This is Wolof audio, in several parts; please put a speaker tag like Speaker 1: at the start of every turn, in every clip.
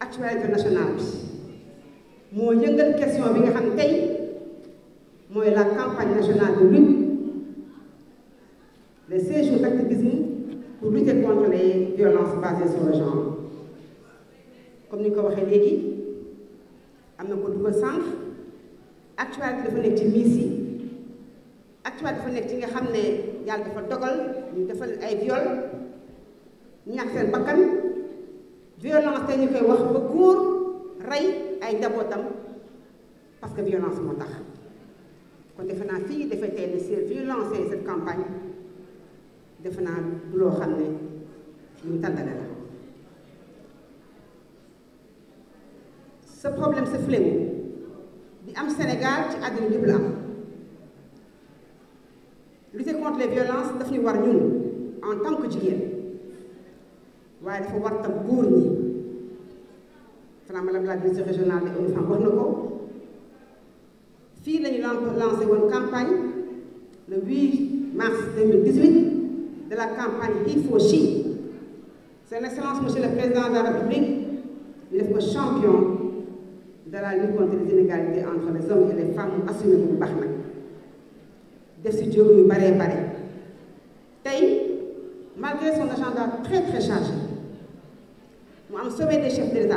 Speaker 1: actualité nationale bi moo yëngal question bi nga xam tey mooy la campagne nationale de lutte les seize jours d'activisme pour lutter contre les violences basées sur le genre comme ni ñu ko waxee léegi am na ko dugal sànq actualité dafa nekk ci miis yi actualité dafa nekk ci nga xam ne yàlla dafa dogal ñu defal ay viol ñàkk seen bakkan violence te ñu koy wax ba góor rey ay njabootam parce que violence moo tax kon defe naa fii dafay tey ne si fii lancé cette campagne defe naa du loo xam ne luñ tàndale la ce problème ce fléau bi am Sénégal ci àddina yëpp la am lutter contre les violences ñu war ñun en tant que jigéen waaye dafa warta góor ñi xanaa madame la directrice régionale de ONU Femmes na ko fii lañu lancé woon campagne le 8 mars 2018 de la campagne Il faut Chi son excellence monsieur le président de la république ñu def ko champion de la lutte contre les inégalités entre les hommes et les bu baax nag def si jóg yu bare tey malgré son agenda très très chargé mu am sommet des chefs d'État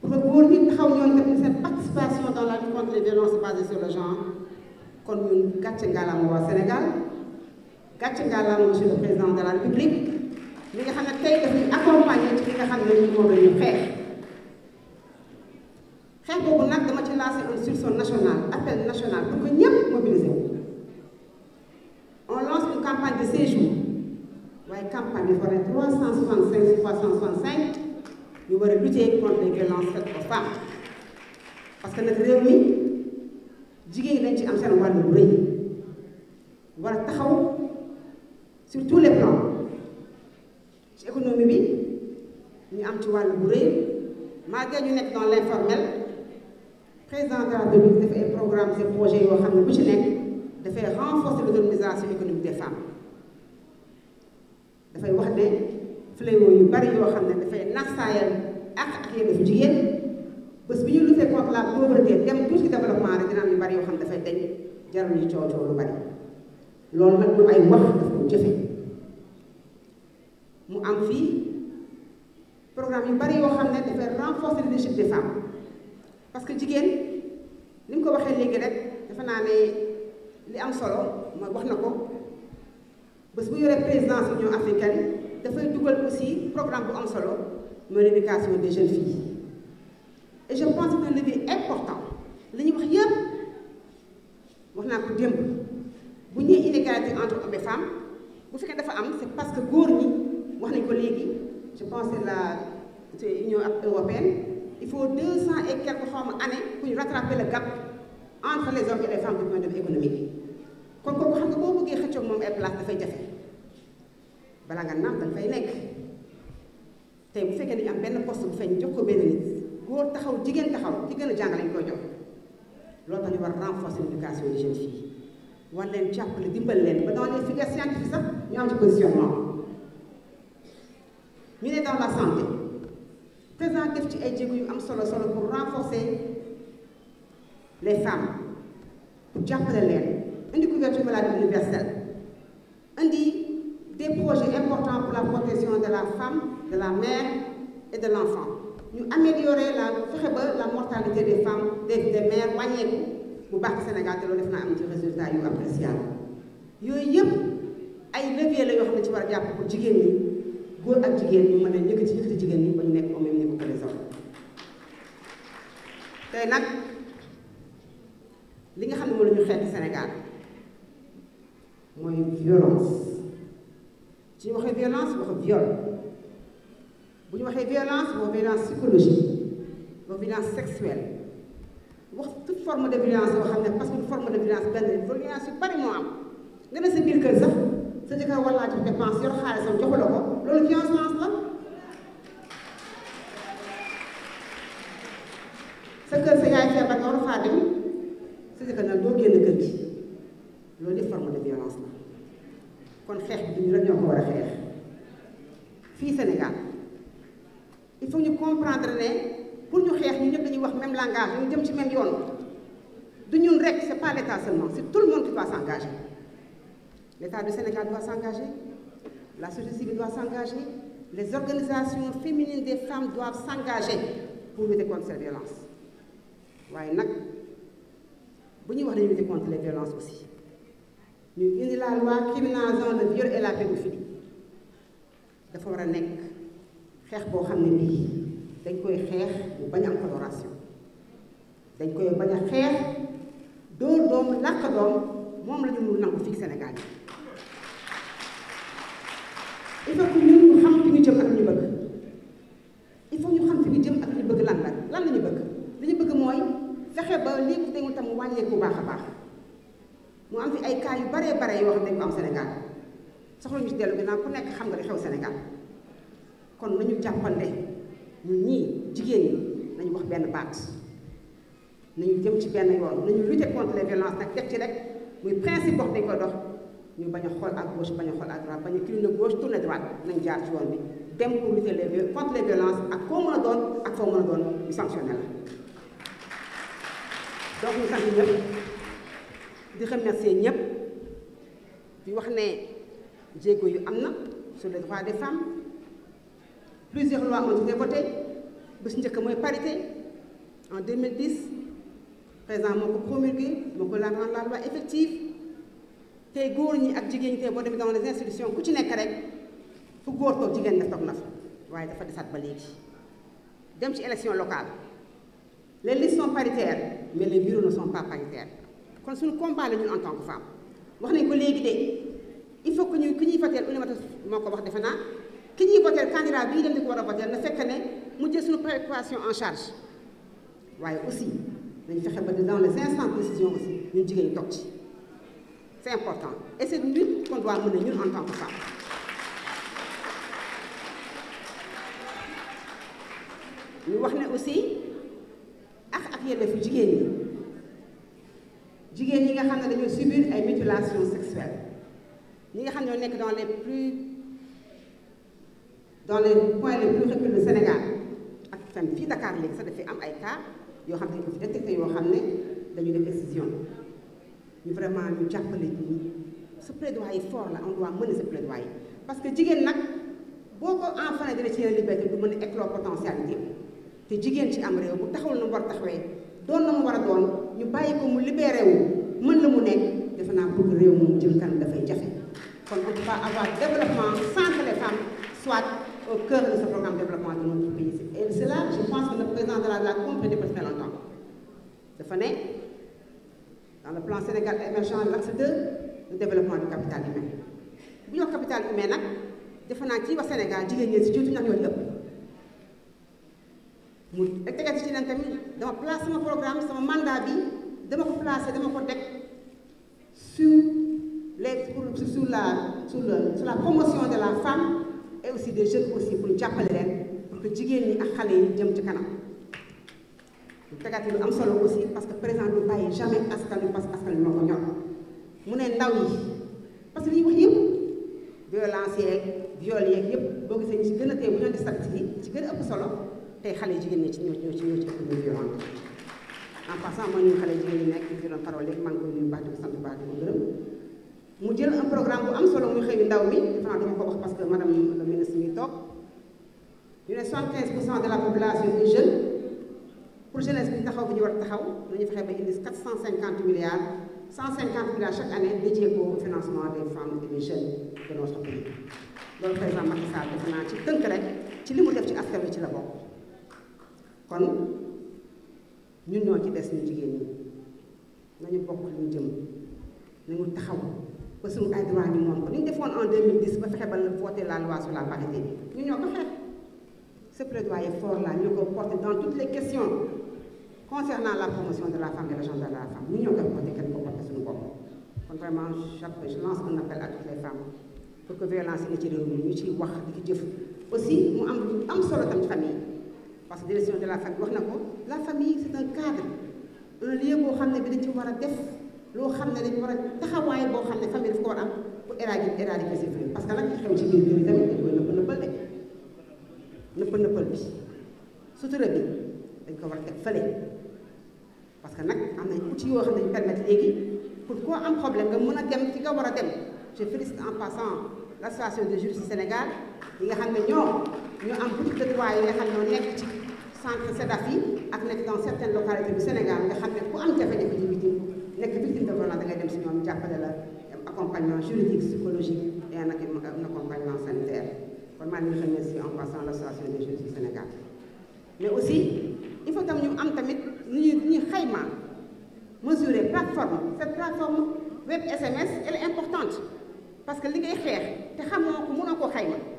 Speaker 1: pour que góor ñi taxaw ñoom kat participation dans la lutte contre les violences basées sur le genre kon ñun gàcce ngalaama waa Sénégal gàcce ngalaama monsieur le président de la République li nga xam ne tey daf ñu accompagner ci li nga xam ne ñu moom la ñu xeex xeex boobu nag dama ci lancer un sursaut national appel national pour que ñëpp mobiliser campagne de forêt 365 365 ñu war a lutter contre les violences faites aux parce que nag réew mi jigéen ñi ci am seen wàllu rëy war a taxaw sur tous les plans ci économie bi ñu am ci wàll bu rëy malgré ñu nekk dans l' informel président de la République def ay programmes yoo xam ne bu ci nekk dafay renforcer l'autonomisation économique des femmes. dafay wax ne fléau yu bari yoo xam ne dafay naxsaayal ak ak yelleefu jigéen bés bi ñu lutter contre la pauvreté dem tout ci développement rek dina am yu bari yoo xam ne dafay dañ jaral ñu coow coow lu bari loolu nag du ay wax daf ko jëfe mu am fii programme yu bari yoo xam ne dafay renforcer le leadership des femmes parce que jigéen ni mu ko waxee léegi rek dafa naa ne li am solo mooy wax na ko bés bu yoree présidence Union africaine dafay dugal aussi programme bu am solo mooy l'éducation des jeunes filles et je pense que levier important li wax yëpp wax naa ko démb bu ñuy inégalité entre hommes et femmes bu fekkee dafa am c'est parce que góor ñi wax nañ ko léegi je pense que la c'est Union européenne il faut deux cent et quelques xaw ma années pour ñu rattraper entre les hommes et les femmes du point de vue économique kon kooku xam nga boo bëggee xëccoog moom ay place dafay jafe. bala nga naan dañ fay nekk tey bu fekkee dañu am benn post bu feeñ jox ko benn nit góor taxaw jigéen taxaw ci gën a jàng lañ koy jox loolu tax ñu war renforcer l'éducation des jeunes war leen jàppale dimbal leen ba dans les filières scientifiques sax ñu ne dans la santé présent def ci ay jéego yu am solo solo pour renforcer les femmes pour jàppale leen indi couverture maladie universelle indi ces projets importants pour la protection de la femme de la mère et de l'enfant ñu améliorer la fexe ba la mortalité des femmes des des mères wàññeeku bu baax Sénégal te loolu def na am ci résultat yu appréciable yooyu yëpp ay la yoo xam ci war a jàpp pour jigéen ñi góor ak jigéen ñu mën a yëkkati yëkkati jigéen ñi ba ñu nekk au même niveau que les hommes tey nag li nga xam ne moo la ñu xeeti Sénégal mooy violence suñu waxee violence wax viol bu ñu waxee violence wax violence psychologique wax violence sexuelle wax toute forme de violence yoo xam ne parce que forme de violence benn violence yu bari moo am nga ne sa biir kër sax sa jëkkër war laa jox dépense yor xaalisam joxu la ko loolu violence la sa kër sa yaay feebar nga war faa dem sa jëkkër nag doo génn kër gi xeex bi du ñu rek ñoo ko war a xeex fii Sénégal il faut ñu comprendre ne pour ñu xeex ñu ñëpp dañuy wax même langage ñu jëm ci même yoon du ñun rek c'est pas l'état seulement c'est tout le monde qui doit s'engager l'état du Sénégal doit s'engager la société civile doit s'engager les organisations féminines des femmes doivent s'engager pour lutter contre cette violence waaye nag bu ñuy wax dañuy lutter contre les violences aussi ñu indi la loi criminalisant le viol et la pédophilie dafa war a nekk xeex boo xam ne bii dañ koy xeex mu bañ am coloration dañ koy bañ a xeex dóor doom làkk doom moom la ñu nangu fii Sénégal yi il faut que ñun ñu xam fi ñu jëm ak ñu bëgg il xam fi ñu jëm ak bëgg lan la lan la ñu bëgg li bëgg mooy fexe ba lii ku teewul tam wàññeeku bu baax a baax mu am fi ay cas yu baree bare yoo xam ne dañ ko am Sénégal soxla ku nekk xam nga di xew Sénégal kon nañu jàppande ñun ñii jigéen ñi nañu wax benn baat nañu jëm ci benn yoon nañu lutter contre les violences nag def ci rek muy principe wax dañ ko dox ñu bañ a xool ak gauche bañ a xool à droite bañ a tourner gauche tourner droite nañ jaar ci yoon bi dem pour lutter les ak koo mën a doon ak koo mën a doon ñu sanctionné la di remercier ñëpp di wax ne jéego yu am na sur les droits des femmes plusieurs lois ont été votées bu si njëkk mooy parité en 2010 président moo ko promulgué moo ko la rendre la loi effective tey góor ñi ak jigéen ñi tey boo demee dans les institutions ku ci nekk rek fu góor toog jigéen na toog na fa waaye dafa desaat ba léegi dem ci élection locale les listes sont paritaires mais les bureaux ne sont pas kon suñu combat la ñun en tant que femme wax nañ ko léegi de il faut que ñu ki ñuy voteel Oulimata moo ko wax defe naa ki ñuy voteel candidat bii dem di ko war a voteel na fekk ne mu jël suñu préoccupation en charge waaye aussi dañu fexe ba dans les instants de décision aussi ñu jigéen ñi toog ci c'est important est c'est une lutte qu'on doit mener ñun en tant que femme ñu wax ne aussi ak ak yelleefu jigéen ñi jigéen ñi nga xam ne dañoo subir ay mutilations sexuelles ñi nga xam ne ñoo nekk dans les plus dans les points les plus reculés du Sénégal ak itam fii Dakar léegi sax dafay am ay cas yoo xam ne dañu fi détecté yoo xam ne dañu def excision ñu vraiment ñu jàppale ñu sa plaidoyer fort la on doit mener sa plaidoyer parce que jigéen nag boo ko enfreindre ci yenn liberté du mën a éclore potentialité te jigéen ci am réew mu taxawul nu war taxawee. doon na mu war a doon ñu bàyyi ko mu libéré wu mën la mu nekk defe naa pour réew moom jëm kanam dafay jafe kon on ne peut pas avoir développement sans que les femmes soient au cœur programme de développement de notre pays et cela je pense que la la compte depuis très longtemps dafa ne dans le plan Sénégal émergent l'axe capital humain bu ñu capital humain nag defe naa ci wax Sénégal jigéen ñi si jiitu ndax ñoo ëpp mu tegati ci leen tamit dama place sama programme sama mandat bi dama ko placé dama ko teg su les pour sur la sur la sur la promotion de la femme et aussi des jeunes aussi pour jàppale leen pour que jigéen ñi ak xale yi jëm ci kanam. tegati lu am solo aussi parce que président du bàyyi jamais askan wi parce que askan wi moo ko ñor mu ne ndaw yi parce que li ñu wax yëpp violence yeeg viol yeeg yëpp boo gisee ñu ci gën a tee bu ñu di sat ci ci gën a ëpp solo. tey xale yu jigéen ñi ci ñoo ci ñoo ci ñoo ci ëpp ñu violente en passant mooy bu baax mu jël un programme bu am solo muy ndaw mi defe ko wax parce que madame le ministre mi toog ñu ne 75 pour cent de la population est jeune taxaw bi ñu war a taxaw dañu fexe ba indi 450 milliards 150 milliards chaque année dédié au financement des femmes et naa ci tënk rek ci li mu def ci askan wi ci la bokk. kon ñun ñoo ci des ñu jigéen ñi nañu bokk ñu jëm nañu taxaw ba suñu ay droit ñu moom ko ni ñu defoon en 2010 ba fexe ba voté la loi sur la parité ñu ñoo ko xeex ce plaidoyer fort ñu ko porté dans toutes les questions concernant la promotion de la femme et le genre de la femme ñu ñoo koy porté kenn ko porté suñu bopp kon vraiment je lance un appel à toutes les pour que violence yi na ci réew mi ñu ciy wax di ci jëf aussi mu am am solo tam famille parce que direction de la famille wax na ko la famille c'est un cadre un lieu boo xam ne bi dañ ci war a def loo xam ne dañ war a taxawaay boo xam ne famille daf ko war am pour éradiquer éradiquer si famille parce que nag xew dañ ko war a teg fële parce que nag am nañ outil yoo xam ne ñu permettre léegi pour koo am problème nga mën a dem ci nga war a dem je félicite en passant l'association des juristes du Sénégal yi nga xam ne ñoom ñu am petit dëkkuwaay yi nga xam ñoo nekk ci centre SEDAF yi ak nekk dans certaines localités du Sénégal nga xam ne ku am jafe-jafe ci victime nekk victime de violence da dem si ñoom jàppale la accompagnement juridique psychologique et un accompagnement sanitaire kon maa ngi remercier en passant l'association des juristes du Sénégal mais aussi il faut tam ñu tamit ni ñuy nu ñuy xayma mesurer plateforme cette plateforme web SMS elle est importante parce que li te xamoo ko mënoo koo xayma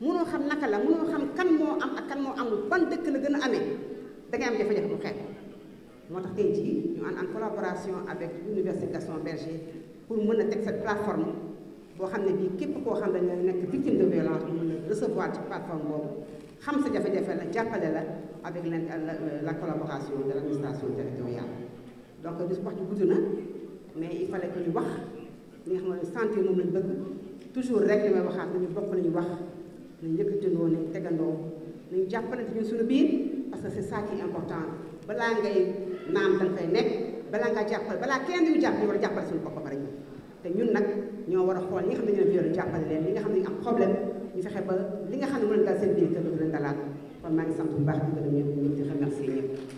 Speaker 1: mënoo xam naka la mënoo xam kan moo am ak kan moo amul ban dëkk la gën a amee da ngay am jafe-jafe mu xeet moo tax tey jii ñu ànd collaboration avec l'université Gaston Berger pour mën a teg sa plateforme boo xam ne bii képp koo xam ne dañu nekk victime de violence ñu mën a recevoir ci plateforme boobu xam sa jafe-jafe la jàppale la avec la collaboration de l' administration territoriale donc dis wax ji gudd na mais il fallait que ñu wax ñu nga xam ne sentir moom lañ bëgg toujours rek li may waxaat nañu bokk la ñu wax nañ yëkkatandoo nañ tegandoo nañ jàppalante ñun suñu biir parce que c'est ça important balaa ngay naan danga fay nekk balaa ngaa jàppal balaa kenn duñu jàpp ñu war a jàppale suñu bopp rek te ñun nag ñoo war a xool ñi nga xam ne ñoo yor jàppale leen li nga xam ne ñu am problème ñu fexe ba li nga xam ne mën na dal seen biir te du leen dalaat kon maa ngi sant bu baax di gërëm ñëpp ñu ngi merci ñëpp